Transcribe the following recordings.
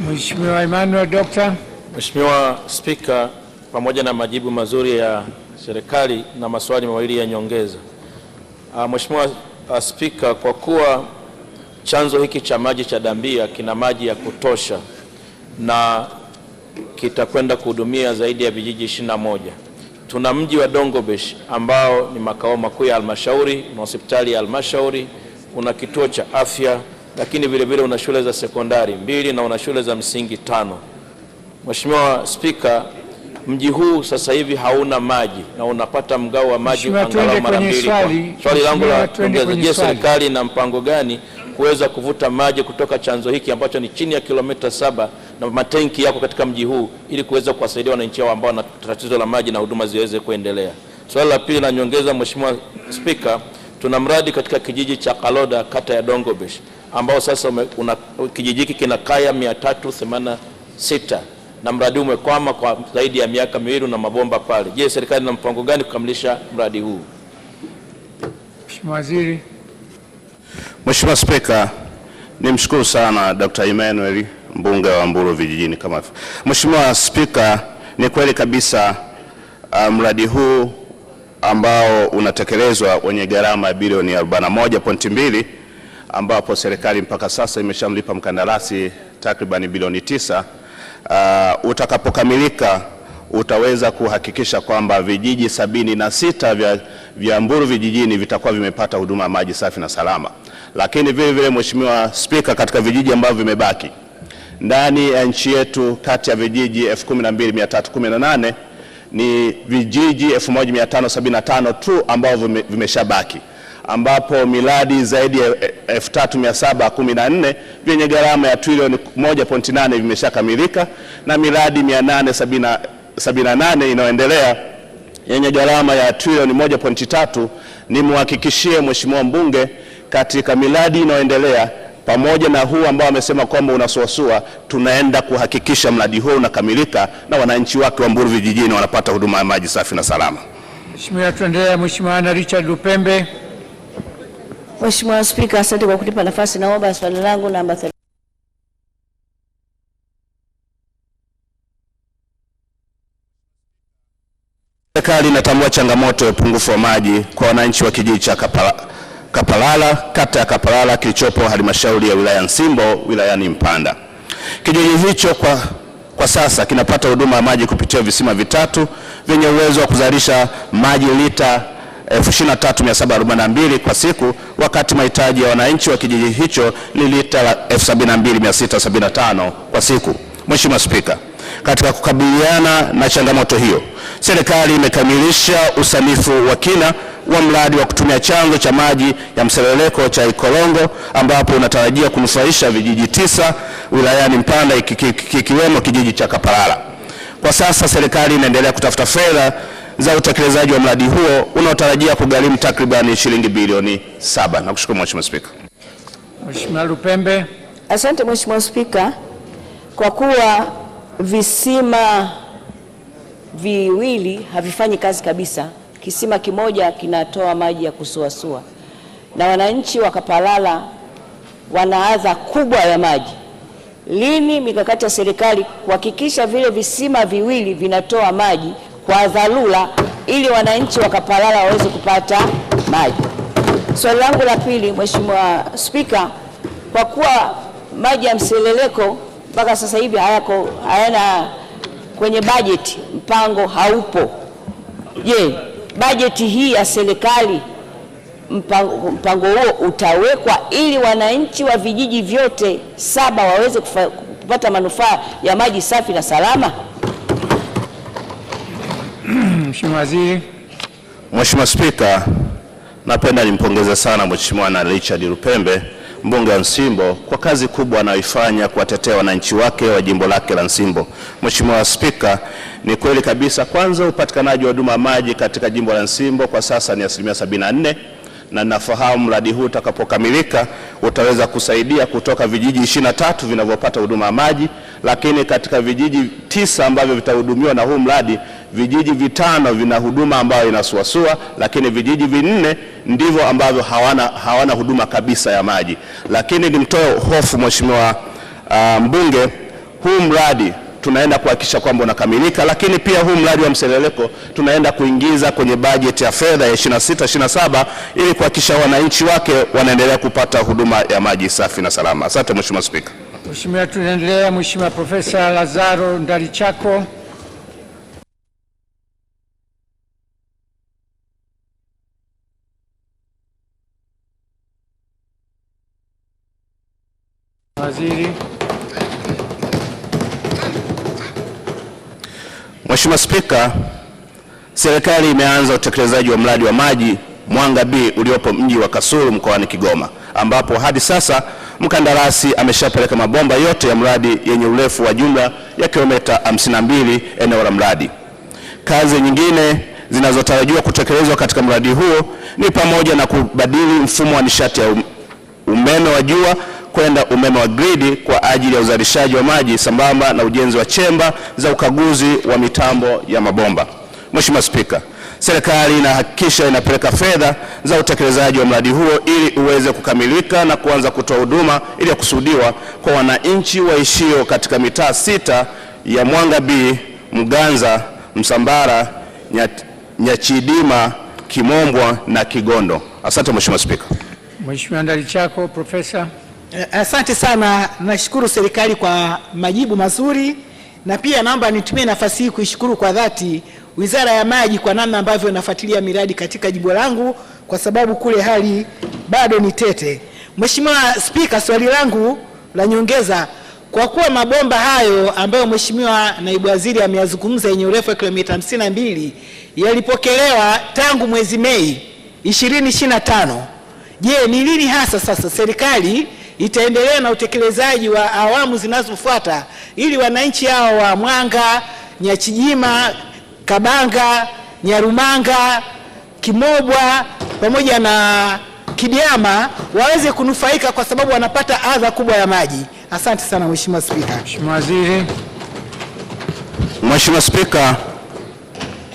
Mheshimiwa Emmanuel Dr. Mheshimiwa Spika, pamoja na majibu mazuri ya serikali na maswali mawili ya nyongeza. Ah, Mheshimiwa ah, Spika, kwa kuwa chanzo hiki cha maji cha Dambia kina maji ya kutosha na kitakwenda kuhudumia zaidi ya vijiji ishirini na moja. Tuna mji wa Dongobesh ambao ni makao makuu ya halmashauri, una hospitali ya halmashauri, una kituo cha afya lakini vilevile una shule za sekondari mbili na una shule za msingi tano. Mheshimiwa Spika, mji huu sasa hivi hauna maji na unapata mgao wa maji angalau mara mbili. Swali langu la kuongeza, je, serikali ina mpango gani kuweza kuvuta maji kutoka chanzo hiki ambacho ni chini ya kilomita saba na matenki yako katika mji huu ili kuweza kuwasaidia wananchi hao ambao wana tatizo la maji na huduma ziweze kuendelea? Swali la pili la nyongeza, Mheshimiwa Spika, tuna mradi katika kijiji cha Kaloda kata ya Dongobesh ambao sasa kijiji hiki kina kaya 386 na mradi huu umekwama kwa zaidi ya miaka miwili na mabomba pale. Je, serikali ina mpango gani kukamilisha mradi huu? Mheshimiwa Waziri. Mheshimiwa Spika, nimshukuru sana Dr. Emmanuel mbunge wa mburu vijijini kama Mheshimiwa Spika, ni kweli kabisa uh, mradi um, huu ambao unatekelezwa wenye gharama ya bilioni 41.2 ambapo serikali mpaka sasa imeshamlipa mkandarasi takriban bilioni tisa. Uh, utakapokamilika utaweza kuhakikisha kwamba vijiji sabini na sita vya, vya Mburu vijijini vitakuwa vimepata huduma ya maji safi na salama. Lakini vile vile, Mheshimiwa Spika, katika vijiji ambavyo vimebaki ndani ya nchi yetu, kati ya vijiji 12318 ni vijiji 1575 tu ambavyo vimeshabaki ambapo miradi zaidi ya 3714 vyenye gharama ya trilioni 1.8 vimeshakamilika na miradi 878 inayoendelea yenye gharama ya trilioni 1.3. Nimhakikishie Mheshimiwa mbunge katika miradi inayoendelea pamoja na huu ambao amesema kwamba unasuasua, tunaenda kuhakikisha mradi huo unakamilika na wananchi wake wa mburu vijijini wanapata huduma ya maji safi na salama. Mheshimiwa, tuendelea. Mheshimiwa Ana Richard Lupembe. Mheshimiwa Spika, asante kwa kunipa nafasi. Naomba swali langu namba Serikali inatambua changamoto ya upungufu wa maji kwa wananchi wa kijiji cha Kapala, Kapalala kata ya Kapalala kilichopo halmashauri ya wilaya Nsimbo wilayani Mpanda. Kijiji hicho kwa, kwa sasa kinapata huduma ya maji kupitia visima vitatu vyenye uwezo wa kuzalisha maji lita 23742 kwa siku, wakati mahitaji ya wananchi wa kijiji hicho ni lita 72675 kwa siku. Mheshimiwa Spika, katika kukabiliana na changamoto hiyo, serikali imekamilisha usanifu wa kina wa mradi wa kutumia chanzo cha maji ya mseleleko cha Ikolongo ambapo unatarajia kunufaisha vijiji tisa wilayani Mpanda ikiwemo kijiji cha Kapalala. Kwa sasa serikali inaendelea kutafuta fedha za utekelezaji wa mradi huo unaotarajia kugharimu takribani shilingi bilioni saba. Nakushukuru Mheshimiwa Spika. Mheshimiwa Lupembe. Asante Mheshimiwa Spika, kwa kuwa visima viwili havifanyi kazi kabisa, kisima kimoja kinatoa maji ya kusuasua na wananchi wakapalala, wana adha kubwa ya maji. Lini mikakati ya serikali kuhakikisha vile visima viwili vinatoa maji kwa dharura ili wananchi wa Kapalala waweze kupata maji. Swali langu la pili, Mheshimiwa Spika, kwa kuwa maji ya mseleleko mpaka sasa hivi hayako hayana kwenye bajeti, mpango haupo. Je, bajeti hii ya serikali mpango, mpango huo utawekwa ili wananchi wa vijiji vyote saba waweze kufa, kupata manufaa ya maji safi na salama? Mheshimiwa Waziri. Mheshimiwa Spika, napenda nimpongeze sana Mheshimiwa na Richard Lupembe mbunge wa Nsimbo kwa kazi kubwa anayoifanya kuwatetea wananchi wake wa jimbo lake la Nsimbo. Mheshimiwa Spika, ni kweli kabisa, kwanza upatikanaji wa huduma maji katika jimbo la Nsimbo kwa sasa ni asilimia 74 na nafahamu mradi huu utakapokamilika utaweza kusaidia kutoka vijiji tatu vinavyopata huduma ya maji, lakini katika vijiji tisa ambavyo vitahudumiwa na huu mradi vijiji vitano vina huduma ambayo inasuasua, lakini vijiji vinne ndivyo ambavyo hawana, hawana huduma kabisa ya maji. Lakini nimtoe hofu mheshimiwa uh, mbunge, huu mradi tunaenda kuhakikisha kwamba unakamilika, lakini pia huu mradi wa mseleleko tunaenda kuingiza kwenye bajeti ya fedha ya 26 27 ili kuhakikisha wananchi wake wanaendelea kupata huduma ya maji safi na salama. Asante mheshimiwa Spika. Mheshimiwa, tunaendelea. Mheshimiwa Profesa Lazaro Ndalichako. Mheshimiwa Spika, serikali imeanza utekelezaji wa mradi wa maji Mwanga B uliopo mji wa Kasulu mkoani Kigoma ambapo hadi sasa mkandarasi ameshapeleka mabomba yote ya mradi yenye urefu wa jumla ya kilomita 52 eneo la mradi. Kazi nyingine zinazotarajiwa kutekelezwa katika mradi huo ni pamoja na kubadili mfumo wa nishati ya umeme wa jua kwenda umeme wa gridi kwa ajili ya uzalishaji wa maji sambamba na ujenzi wa chemba za ukaguzi wa mitambo ya mabomba. Mheshimiwa Spika, serikali inahakikisha inapeleka fedha za utekelezaji wa mradi huo ili uweze kukamilika na kuanza kutoa huduma iliyokusudiwa kwa wananchi waishio katika mitaa sita ya Mwanga B, Mganza, Msambara, Nyachidima, Kimombwa na Kigondo. Asante Mheshimiwa Spika. Mheshimiwa Ndalichako Profesa. Eh, asante sana, nashukuru serikali kwa majibu mazuri, na pia naomba nitumie nafasi hii kuishukuru kwa dhati Wizara ya Maji kwa namna ambavyo inafuatilia miradi katika jimbo langu, kwa sababu kule hali bado ni tete. Mheshimiwa Spika, swali langu la nyongeza, kwa kuwa mabomba hayo ambayo Mheshimiwa Naibu Waziri ameyazungumza yenye urefu wa kilomita 52 yalipokelewa tangu mwezi Mei 2025, je, ni lini hasa sasa serikali itaendelea na utekelezaji wa awamu zinazofuata ili wananchi hao wa Mwanga, Nyachijima, Kabanga, Nyarumanga, Kimobwa pamoja na Kidiama waweze kunufaika kwa sababu wanapata adha kubwa ya maji. Asante sana Mheshimiwa Spika. Mheshimiwa Waziri. Mheshimiwa Spika,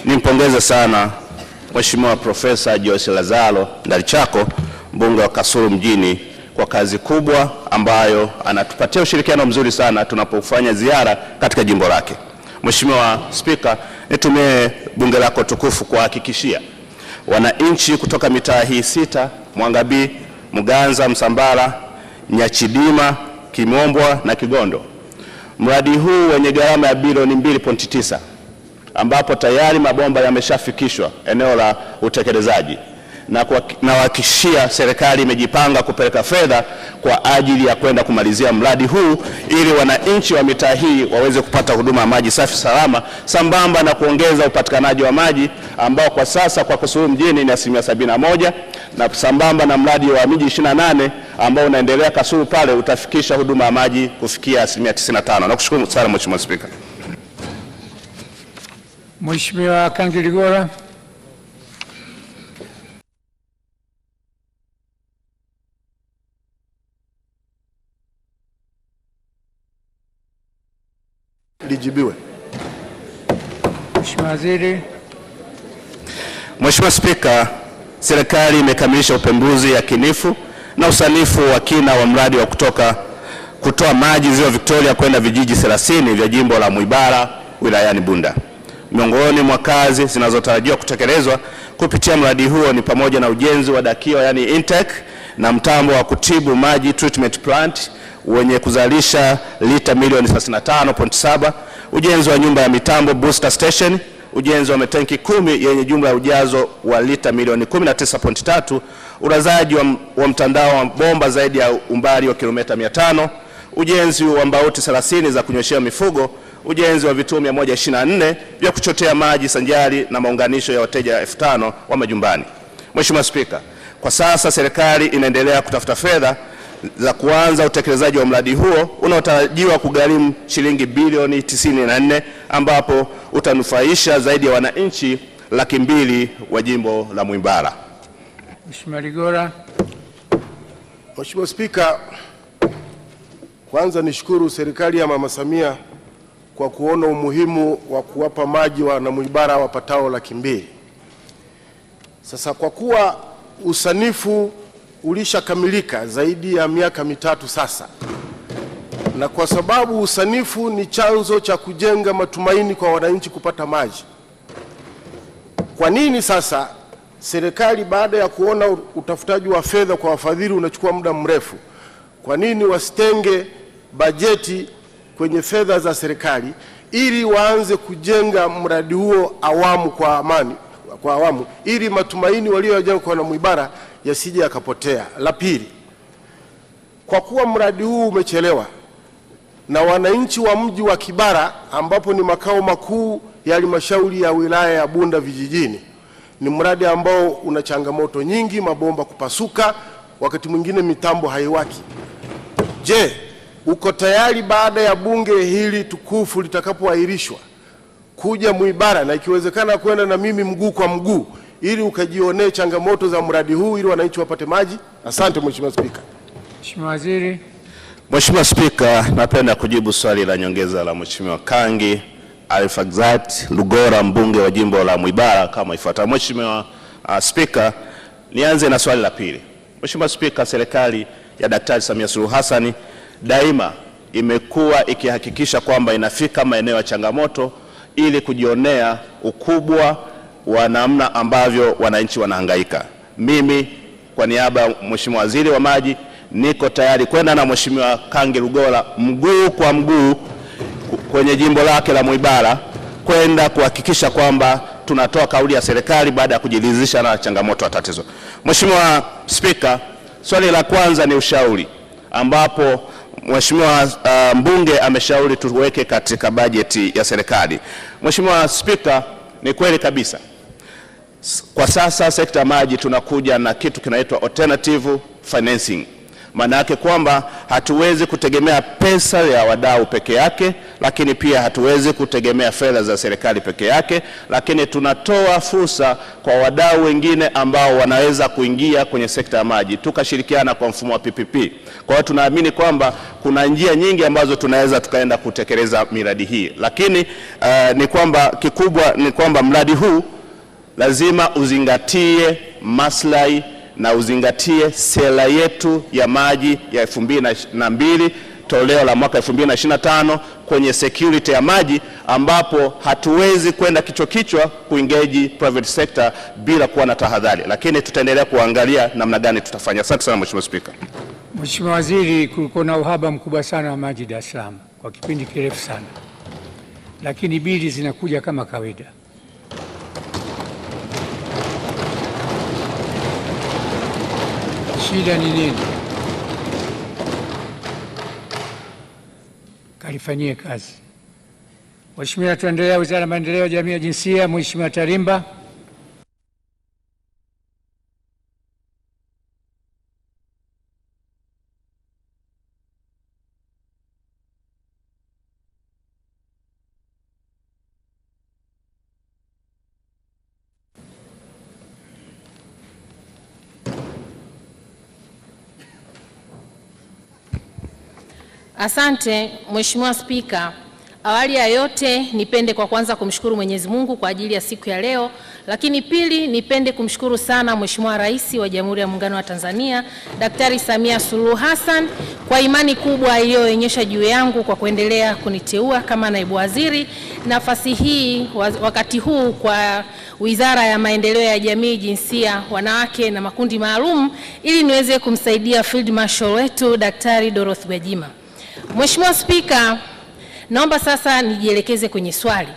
nimpongeze sana Mheshimiwa Profesa Joyce Lazaro Ndalichako mbunge wa Kasulu mjini kwa kazi kubwa ambayo anatupatia ushirikiano mzuri sana tunapofanya ziara katika jimbo lake. Mheshimiwa Spika, nitumie bunge lako tukufu kuwahakikishia wananchi kutoka mitaa hii sita Mwanga B, Mganza, Msambara, Nyachidima, Kimombwa na Kigondo mradi huu wenye gharama ya bilioni 2.9 ambapo tayari mabomba yameshafikishwa eneo la utekelezaji na nawahakikishia serikali imejipanga kupeleka fedha kwa ajili ya kwenda kumalizia mradi huu ili wananchi wa mitaa hii waweze kupata huduma ya maji safi salama, sambamba na kuongeza upatikanaji wa maji ambao kwa sasa kwa Kisuhu mjini ni asilimia sabini na moja na sambamba na mradi wa miji 28 ambao unaendelea Kasulu pale utafikisha huduma ya maji kufikia asilimia 95. Nakushukuru sana Mheshimiwa Spika. Mheshimiwa Kangi ijibiwe. Mheshimiwa Waziri. Mheshimiwa Spika, serikali imekamilisha upembuzi yakinifu na usanifu wa kina wa mradi wa kutoka kutoa maji ziwa Victoria kwenda vijiji 30 vya jimbo la Mwibara wilayani Bunda. Miongoni mwa kazi zinazotarajiwa kutekelezwa kupitia mradi huo ni pamoja na ujenzi wa dakio yani intake na mtambo wa kutibu maji treatment plant wenye kuzalisha lita milioni 35.7, ujenzi wa nyumba ya mitambo booster station, ujenzi wa matenki kumi yenye jumla ya ujazo wa lita milioni 19.3, urazaji wa, wa mtandao wa bomba zaidi ya umbali wa kilomita 500, ujenzi wa mbauti 30 za kunyoshea mifugo, ujenzi wa vituo 124 vya kuchotea maji sanjari na maunganisho ya wateja 5000 wa majumbani. Mheshimiwa Spika, kwa sasa serikali inaendelea kutafuta fedha za kuanza utekelezaji wa mradi huo unaotarajiwa kugharimu shilingi bilioni 94 ambapo utanufaisha zaidi ya wananchi laki mbili wa jimbo la Mwimbara. Mheshimiwa Ligora. Mheshimiwa Spika, kwanza nishukuru serikali ya Mama Samia kwa kuona umuhimu wa kuwapa maji mwimbara wapatao laki mbili. Sasa kwa kuwa usanifu ulishakamilika zaidi ya miaka mitatu sasa, na kwa sababu usanifu ni chanzo cha kujenga matumaini kwa wananchi kupata maji, kwa nini sasa serikali baada ya kuona utafutaji wa fedha kwa wafadhili unachukua muda mrefu, kwa nini wasitenge bajeti kwenye fedha za serikali ili waanze kujenga mradi huo awamu kwa amani, kwa awamu ili matumaini walioyajenga kwa Mwanamuibara yasije yakapotea. La pili, kwa kuwa mradi huu umechelewa na wananchi wa mji wa Kibara ambapo ni makao makuu ya halmashauri ya wilaya ya Bunda vijijini, ni mradi ambao una changamoto nyingi, mabomba kupasuka, wakati mwingine mitambo haiwaki. Je, uko tayari baada ya bunge hili tukufu litakapoahirishwa kuja Mwibara na ikiwezekana kwenda na mimi mguu kwa mguu ili ukajionee changamoto za mradi huu ili wananchi wapate maji. Asante Mheshimiwa Spika. Mheshimiwa Waziri. Mheshimiwa Spika, napenda kujibu swali la nyongeza la Mheshimiwa Kangi Alfaxat Lugora, mbunge wa jimbo la Mwibara kama ifuatavyo. Mheshimiwa uh, Spika, nianze na swali la pili. Mheshimiwa Spika, serikali ya Daktari Samia Suluhu Hassan daima imekuwa ikihakikisha kwamba inafika maeneo ya changamoto ili kujionea ukubwa wa namna ambavyo wananchi wanahangaika. Mimi kwa niaba ya Mheshimiwa Waziri wa Maji niko tayari kwenda na Mheshimiwa Kangi Lugola mguu kwa mguu kwenye jimbo lake la Mwibara kwenda kuhakikisha kwamba tunatoa kauli ya serikali baada ya kujiridhisha na changamoto ya tatizo. Mheshimiwa Spika, swali la kwanza ni ushauri ambapo Mheshimiwa uh, mbunge ameshauri tuweke katika bajeti ya serikali. Mheshimiwa Spika, ni kweli kabisa kwa sasa sekta ya maji tunakuja na kitu kinaitwa alternative financing. Maana yake kwamba hatuwezi kutegemea pesa ya wadau peke yake, lakini pia hatuwezi kutegemea fedha za serikali peke yake, lakini tunatoa fursa kwa wadau wengine ambao wanaweza kuingia kwenye sekta ya maji tukashirikiana kwa mfumo wa PPP. Kwa hiyo tunaamini kwamba kuna njia nyingi ambazo tunaweza tukaenda kutekeleza miradi hii, lakini uh, ni kwamba kikubwa ni kwamba mradi huu lazima uzingatie maslahi na uzingatie sera yetu ya maji ya 2022 toleo la mwaka 2025 kwenye security ya maji, ambapo hatuwezi kwenda kichwa kichwa kuingeji private sector bila kuwa na tahadhari, lakini tutaendelea kuangalia namna gani tutafanya. Asante sana Mheshimiwa Spika. Mheshimiwa Waziri, kulikuwa na uhaba mkubwa sana wa maji Dar es Salaam kwa kipindi kirefu sana, lakini bili zinakuja kama kawaida. shida ni nini, kalifanyie kazi. Mheshimiwa, tuendelea Wizara ya Maendeleo ya Jamii ya Jinsia, Mheshimiwa Tarimba. Asante Mheshimiwa Spika. Awali ya yote nipende kwa kwanza kumshukuru Mwenyezi Mungu kwa ajili ya siku ya leo, lakini pili nipende kumshukuru sana Mheshimiwa Rais wa Jamhuri ya Muungano wa Tanzania Daktari Samia Suluhu Hassan kwa imani kubwa iliyoonyesha juu yangu kwa kuendelea kuniteua kama naibu waziri, nafasi hii wakati huu kwa Wizara ya Maendeleo ya Jamii, Jinsia, Wanawake na Makundi Maalum, ili niweze kumsaidia Field Marshal wetu Daktari Dorothy Gwajima. Mheshimiwa Spika, naomba sasa nijielekeze kwenye swali.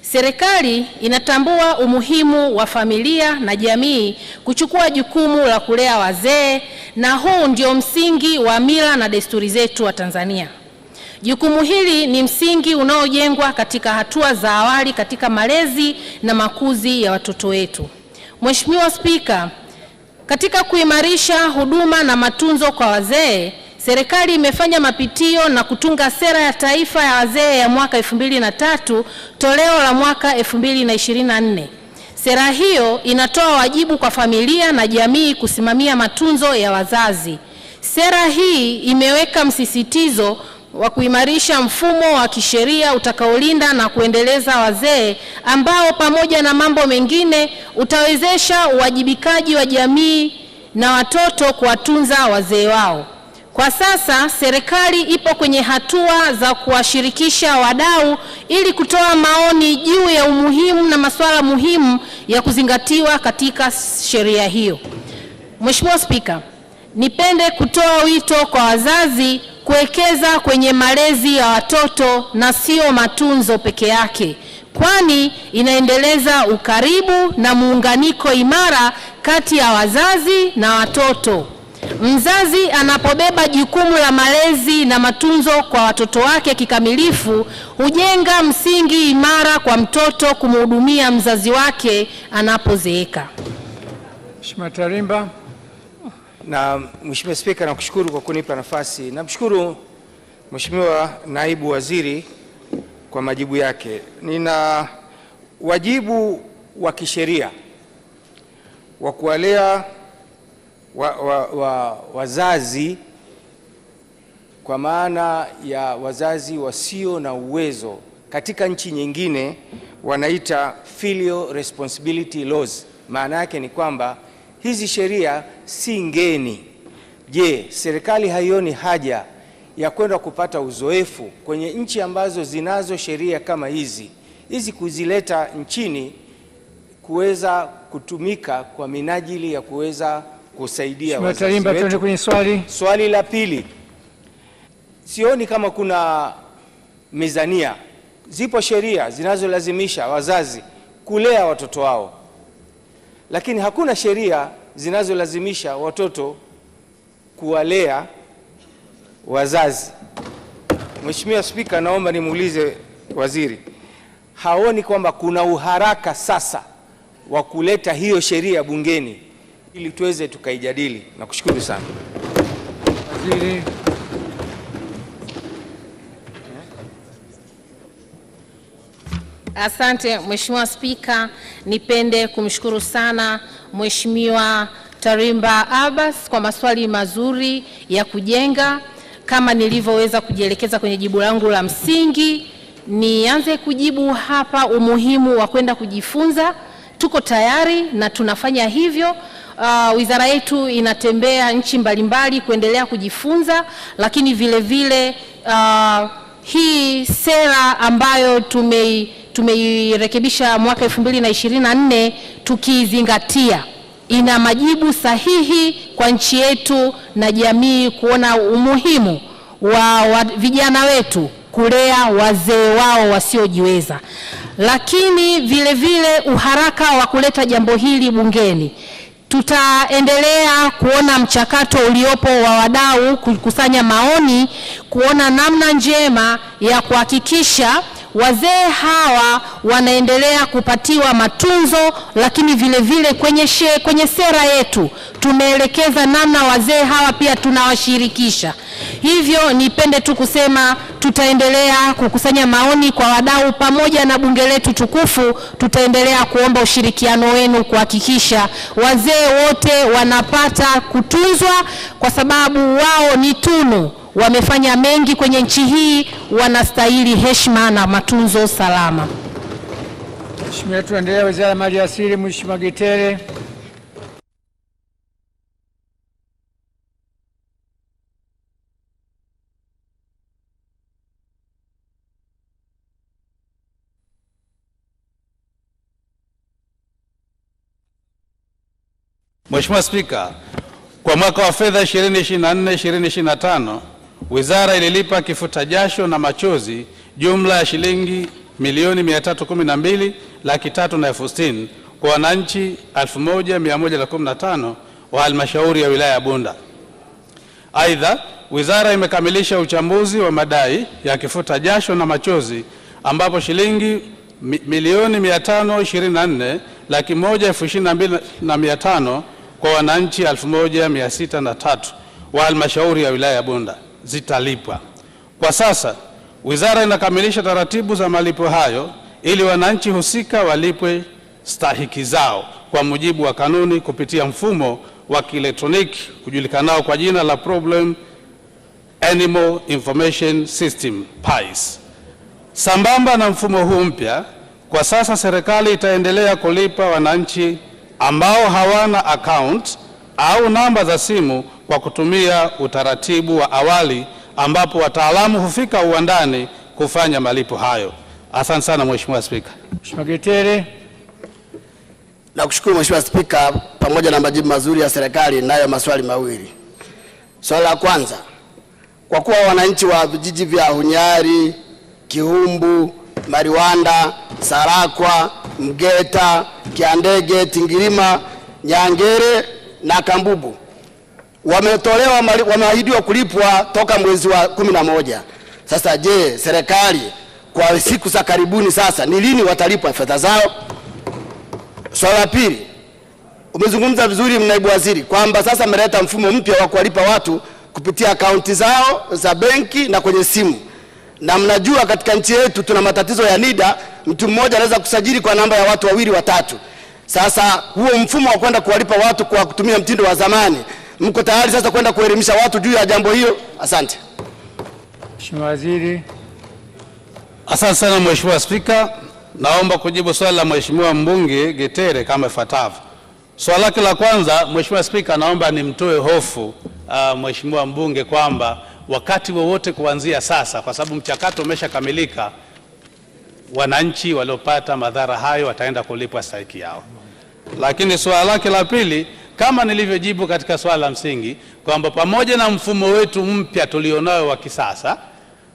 Serikali inatambua umuhimu wa familia na jamii kuchukua jukumu la kulea wazee, na huu ndio msingi wa mila na desturi zetu wa Tanzania. Jukumu hili ni msingi unaojengwa katika hatua za awali katika malezi na makuzi ya watoto wetu. Mheshimiwa Spika, katika kuimarisha huduma na matunzo kwa wazee Serikali imefanya mapitio na kutunga sera ya taifa ya wazee ya mwaka 2003 toleo la mwaka 2024. Sera hiyo inatoa wajibu kwa familia na jamii kusimamia matunzo ya wazazi. Sera hii imeweka msisitizo wa kuimarisha mfumo wa kisheria utakaolinda na kuendeleza wazee ambao pamoja na mambo mengine utawezesha uwajibikaji wa jamii na watoto kuwatunza wazee wao. Kwa sasa serikali ipo kwenye hatua za kuwashirikisha wadau ili kutoa maoni juu ya umuhimu na masuala muhimu ya kuzingatiwa katika sheria hiyo. Mheshimiwa Spika, nipende kutoa wito kwa wazazi kuwekeza kwenye malezi ya watoto na sio matunzo peke yake, kwani inaendeleza ukaribu na muunganiko imara kati ya wazazi na watoto. Mzazi anapobeba jukumu la malezi na matunzo kwa watoto wake kikamilifu, hujenga msingi imara kwa mtoto kumhudumia mzazi wake anapozeeka. Mheshimiwa Tarimba. Na Mheshimiwa Spika, nakushukuru kwa kunipa nafasi. Namshukuru Mheshimiwa Naibu Waziri kwa majibu yake. Nina wajibu wa kisheria wa kuwalea wa, wa, wa, wazazi kwa maana ya wazazi wasio na uwezo katika nchi nyingine wanaita filial responsibility laws. Maana yake ni kwamba hizi sheria si ngeni. Je, serikali haioni haja ya kwenda kupata uzoefu kwenye nchi ambazo zinazo sheria kama hizi hizi kuzileta nchini kuweza kutumika kwa minajili ya kuweza kusaidia wazazi Kwenye swali, swali la pili, sioni kama kuna mizania. Zipo sheria zinazolazimisha wazazi kulea watoto wao, lakini hakuna sheria zinazolazimisha watoto kuwalea wazazi. Mheshimiwa Spika, naomba nimuulize waziri, haoni kwamba kuna uharaka sasa wa kuleta hiyo sheria bungeni ili tuweze tukaijadili. Nakushukuru sana waziri. Asante Mheshimiwa Spika, nipende kumshukuru sana Mheshimiwa Tarimba Abbas kwa maswali mazuri ya kujenga. Kama nilivyoweza kujielekeza kwenye jibu langu la msingi, nianze kujibu hapa umuhimu wa kwenda kujifunza Tuko tayari na tunafanya hivyo. Uh, wizara yetu inatembea nchi mbalimbali kuendelea kujifunza, lakini vile vile uh, hii sera ambayo tume tumeirekebisha mwaka 2024 tukiizingatia ina majibu sahihi kwa nchi yetu na jamii kuona umuhimu wa, wa vijana wetu kulea wazee wao wasiojiweza lakini vile vile uharaka wa kuleta jambo hili bungeni. Tutaendelea kuona mchakato uliopo wa wadau kukusanya maoni, kuona namna njema ya kuhakikisha wazee hawa wanaendelea kupatiwa matunzo, lakini vile vile kwenye, she, kwenye sera yetu tumeelekeza namna wazee hawa pia tunawashirikisha. Hivyo nipende tu kusema tutaendelea kukusanya maoni kwa wadau pamoja na bunge letu tukufu. Tutaendelea kuomba ushirikiano wenu kuhakikisha wazee wote wanapata kutunzwa, kwa sababu wao ni tunu wamefanya mengi kwenye nchi hii, wanastahili heshima na matunzo salama. Mheshimiwa, tuendelee. Wizara ya Mali Asili, Mheshimiwa Getere. Mheshimiwa Spika, kwa mwaka wa fedha 2024 2025 wizara ililipa kifuta jasho na machozi jumla ya shilingi milioni 312 laki tatu na elfu sitini kwa wananchi 1115 wa halmashauri ya wilaya ya Bunda. Aidha, wizara imekamilisha uchambuzi wa madai ya kifuta jasho na machozi ambapo shilingi milioni 524 laki moja elfu ishirini na mbili na mia tano kwa wananchi 1603 wa halmashauri ya wilaya ya Bunda zitalipwa. Kwa sasa wizara inakamilisha taratibu za malipo hayo ili wananchi husika walipwe stahiki zao kwa mujibu wa kanuni kupitia mfumo wa kielektroniki kujulikanao kwa jina la Problem Animal Information System PAIS. Sambamba na mfumo huu mpya, kwa sasa serikali itaendelea kulipa wananchi ambao hawana account au namba za simu kwa kutumia utaratibu wa awali ambapo wataalamu hufika uwandani kufanya malipo hayo. Asante sana Mheshimiwa Spika. Mheshimiwa Getere. Nakushukuru Mheshimiwa Spika, pamoja na majibu mazuri ya serikali, nayo maswali mawili. Swali la kwanza, kwa kuwa wananchi wa vijiji vya Hunyari, Kihumbu, Mariwanda, Sarakwa, Mgeta, Kiandege, Tingirima, Nyangere na Kambubu wametolewa wameahidiwa kulipwa toka mwezi wa kumi na moja. Sasa je, serikali kwa siku za karibuni sasa ni lini watalipwa fedha zao? Swala la pili, umezungumza vizuri naibu waziri kwamba sasa ameleta mfumo mpya wa kuwalipa watu kupitia akaunti zao za benki na kwenye simu, na mnajua katika nchi yetu tuna matatizo ya NIDA. Mtu mmoja anaweza kusajili kwa namba ya watu wawili watatu. Sasa huo mfumo wa kwenda kuwalipa watu kwa kutumia mtindo wa zamani mko tayari sasa kwenda kuelimisha watu juu ya jambo hiyo? Asante Mheshimiwa Waziri. Asante sana Mheshimiwa Spika, naomba kujibu swali la Mheshimiwa mbunge Getere kama ifuatavyo. Swali lake la kwanza, Mheshimiwa Spika, naomba nimtoe hofu uh, Mheshimiwa mbunge kwamba wakati wowote kuanzia sasa, kwa sababu mchakato umeshakamilika, wananchi waliopata madhara hayo wataenda kulipwa stahiki yao. Lakini swala lake la pili kama nilivyojibu katika swala la msingi kwamba pamoja na mfumo wetu mpya tulionao wa kisasa,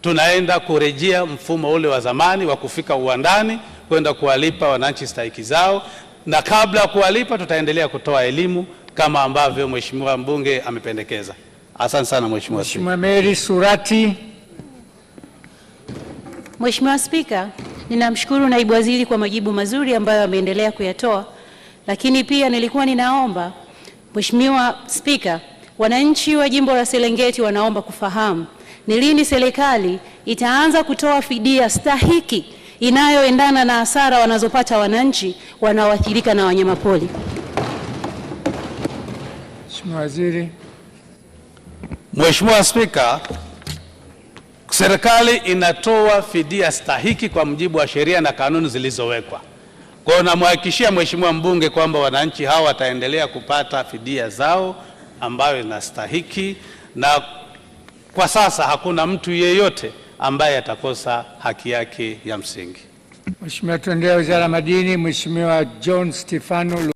tunaenda kurejea mfumo ule wa zamani wa kufika uwandani kwenda kuwalipa wananchi stahiki zao, na kabla ya kuwalipa tutaendelea kutoa elimu kama ambavyo mheshimiwa mbunge amependekeza. Asante sana mheshimiwa. Mheshimiwa Mary Surati. Mheshimiwa Spika, ninamshukuru naibu waziri kwa majibu mazuri ambayo ameendelea kuyatoa, lakini pia nilikuwa ninaomba Mheshimiwa Spika, wananchi wa jimbo la Serengeti wanaomba kufahamu ni lini serikali itaanza kutoa fidia stahiki inayoendana na hasara wanazopata wananchi wanaoathirika na wanyamapori. Mheshimiwa Waziri. Mheshimiwa Spika, serikali inatoa fidia stahiki kwa mujibu wa sheria na kanuni zilizowekwa. Kwa namhakikishia mheshimiwa mbunge kwamba wananchi hawa wataendelea kupata fidia zao ambayo inastahiki, na kwa sasa hakuna mtu yeyote ambaye atakosa haki yake ya msingi. Mheshimiwa Tendea, Wizara ya Madini, Mheshimiwa John Stefano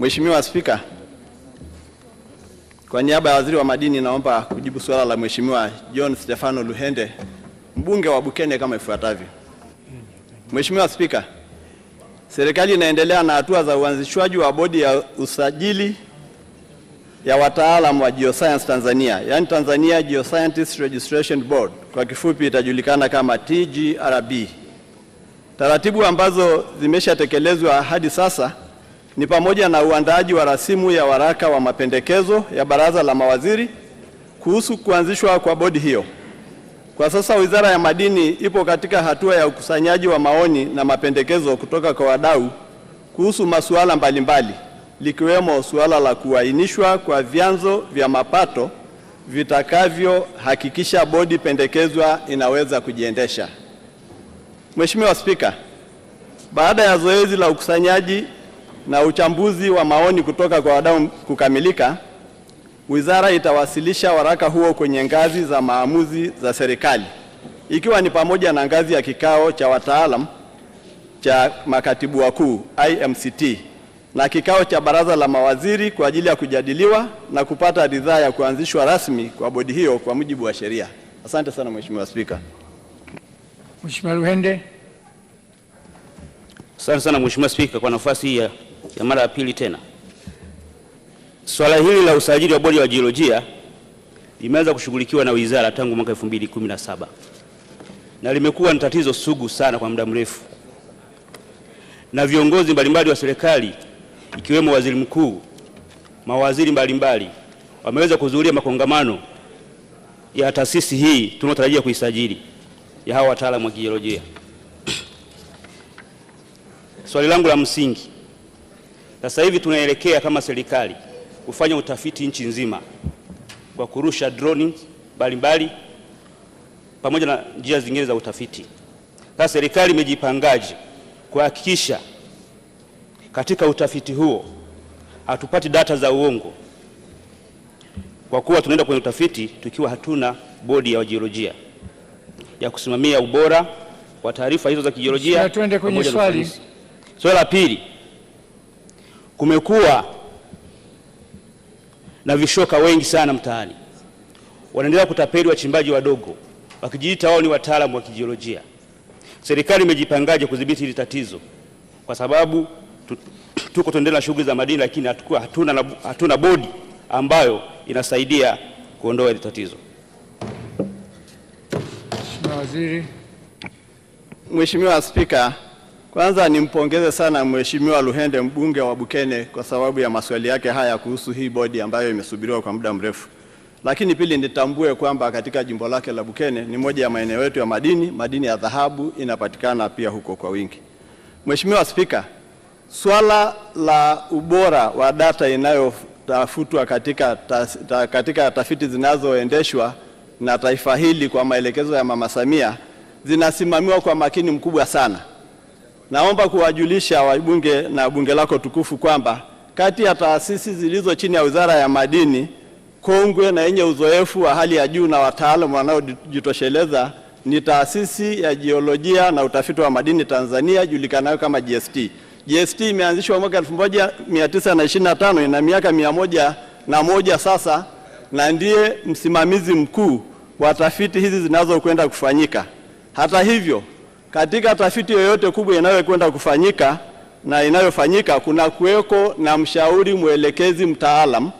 Mheshimiwa Spika, kwa niaba ya waziri wa madini naomba kujibu suala la Mheshimiwa John Stefano Luhende mbunge wa Bukene kama ifuatavyo. Mheshimiwa Spika, serikali inaendelea na hatua za uanzishwaji wa bodi ya usajili ya wataalam wa geoscience Tanzania, yaani Tanzania Geoscientist Registration Board, kwa kifupi itajulikana kama TGRB. Taratibu ambazo zimeshatekelezwa hadi sasa ni pamoja na uandaaji wa rasimu ya waraka wa mapendekezo ya baraza la mawaziri kuhusu kuanzishwa kwa bodi hiyo. Kwa sasa Wizara ya Madini ipo katika hatua ya ukusanyaji wa maoni na mapendekezo kutoka kwa wadau kuhusu masuala mbalimbali likiwemo suala la kuainishwa kwa vyanzo vya mapato vitakavyohakikisha bodi pendekezwa inaweza kujiendesha. Mheshimiwa Spika, baada ya zoezi la ukusanyaji na uchambuzi wa maoni kutoka kwa wadau kukamilika, wizara itawasilisha waraka huo kwenye ngazi za maamuzi za serikali ikiwa ni pamoja na ngazi ya kikao cha wataalam cha makatibu wakuu IMCT na kikao cha baraza la mawaziri kwa ajili ya kujadiliwa na kupata ridhaa ya kuanzishwa rasmi kwa bodi hiyo kwa mujibu wa sheria. Asante sana Mheshimiwa Spika. Mheshimiwa Luhende. Asante sana Mheshimiwa Spika kwa nafasi hii ya ya mara ya pili tena, swala hili la usajili wa bodi ya jiolojia limeanza kushughulikiwa na wizara tangu mwaka 2017 na limekuwa ni tatizo sugu sana kwa muda mrefu, na viongozi mbalimbali wa serikali ikiwemo waziri mkuu, mawaziri mbalimbali wameweza kuhudhuria makongamano ya taasisi hii tunaotarajia kuisajili ya hawa wataalamu wa jiolojia. Swali langu la msingi sasa hivi tunaelekea kama serikali kufanya utafiti nchi nzima kwa kurusha droni mbalimbali pamoja na njia zingine za utafiti. Sasa serikali imejipangaje kuhakikisha katika utafiti huo hatupati data za uongo, kwa kuwa tunaenda kwenye utafiti tukiwa hatuna bodi ya wajiolojia ya kusimamia ubora wa taarifa hizo za kijiolojia. Tuende kwenye swali. Swali la pili Kumekuwa na vishoka wengi sana mtaani, wanaendelea kutapeli wachimbaji wadogo wakijiita wao ni wataalamu wa kijiolojia. Serikali imejipangaje kudhibiti hili tatizo? Kwa sababu tuko tuendelea na shughuli za madini, lakini hatuna, hatuna bodi ambayo inasaidia kuondoa hili tatizo. Mheshimiwa Spika, kwanza nimpongeze sana Mheshimiwa Luhende mbunge wa Bukene kwa sababu ya maswali yake haya kuhusu hii bodi ambayo imesubiriwa kwa muda mrefu. Lakini pili, nitambue kwamba katika jimbo lake la Bukene ni moja ya maeneo yetu ya madini, madini ya dhahabu inapatikana pia huko kwa wingi. Mheshimiwa Spika, swala la ubora wa data inayotafutwa katika, ta, ta, katika tafiti zinazoendeshwa na taifa hili kwa maelekezo ya Mama Samia zinasimamiwa kwa makini mkubwa sana Naomba kuwajulisha wabunge na bunge lako tukufu kwamba kati ya taasisi zilizo chini ya Wizara ya Madini kongwe na yenye uzoefu wa hali ya juu na wataalamu wanaojitosheleza ni Taasisi ya Jiolojia na Utafiti wa Madini Tanzania julikanayo kama GST. GST imeanzishwa mwaka 1925 ina miaka mia moja na moja sasa, na ndiye msimamizi mkuu wa tafiti hizi zinazokwenda kufanyika. Hata hivyo katika tafiti yoyote kubwa inayokwenda kufanyika na inayofanyika, kuna kuweko na mshauri mwelekezi mtaalam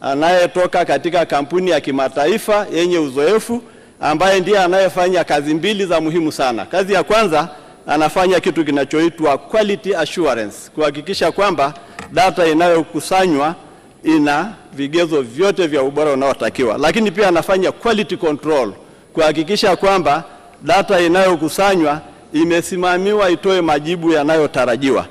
anayetoka katika kampuni ya kimataifa yenye uzoefu, ambaye ndiye anayefanya kazi mbili za muhimu sana. Kazi ya kwanza anafanya kitu kinachoitwa quality assurance, kuhakikisha kwamba data inayokusanywa ina vigezo vyote vya ubora unaotakiwa, lakini pia anafanya quality control, kuhakikisha kwamba data inayokusanywa imesimamiwa itoe majibu yanayotarajiwa.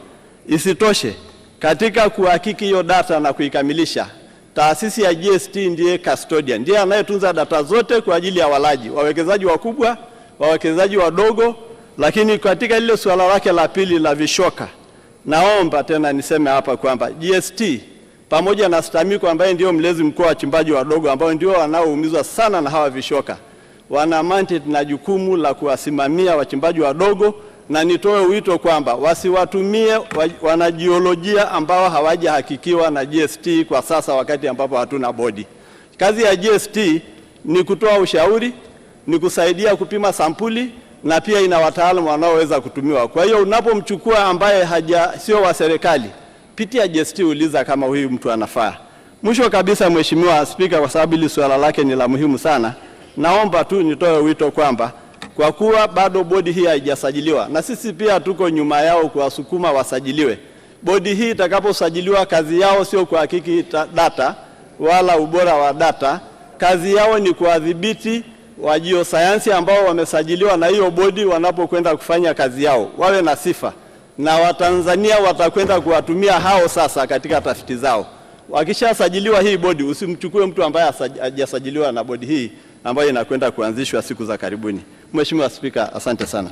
Isitoshe, katika kuhakiki hiyo data na kuikamilisha, taasisi ya GST ndiye custodian, ndiye anayetunza data zote kwa ajili ya walaji, wawekezaji wakubwa, wawekezaji wadogo. Lakini katika lile suala lake la pili la vishoka, naomba tena niseme hapa kwamba GST pamoja na STAMIKO ambaye ndio mlezi mkuu wa wachimbaji wadogo ambao ndio wanaoumizwa sana na hawa vishoka wana na jukumu la kuwasimamia wachimbaji wadogo, na nitoe wito kwamba wasiwatumie wanajiolojia ambao hawajahakikiwa na GST kwa sasa, wakati ambapo hatuna bodi. Kazi ya GST ni kutoa ushauri, ni kusaidia kupima sampuli na pia ina wataalamu wanaoweza kutumiwa. Kwa hiyo unapomchukua ambaye haja sio wa serikali, pitia GST, uliza kama huyu mtu anafaa. Mwisho kabisa, Mheshimiwa Spika, kwa sababu hili suala lake ni la muhimu sana naomba tu nitoe wito kwamba kwa kuwa bado bodi hii haijasajiliwa na sisi pia tuko nyuma yao kuwasukuma wasajiliwe. Bodi hii itakaposajiliwa, kazi yao sio kuhakiki data wala ubora wa data, kazi yao ni kuwadhibiti sayansi ambao wamesajiliwa na hiyo bodi wanapokwenda kufanya kazi yao, wawe na sifa, na Watanzania watakwenda kuwatumia hao sasa katika tafiti zao. Wakishasajiliwa hii bodi, usimchukue mtu ambaye hajasajiliwa na bodi hii ambayo inakwenda kuanzishwa siku za karibuni. Mheshimiwa Spika, asante sana.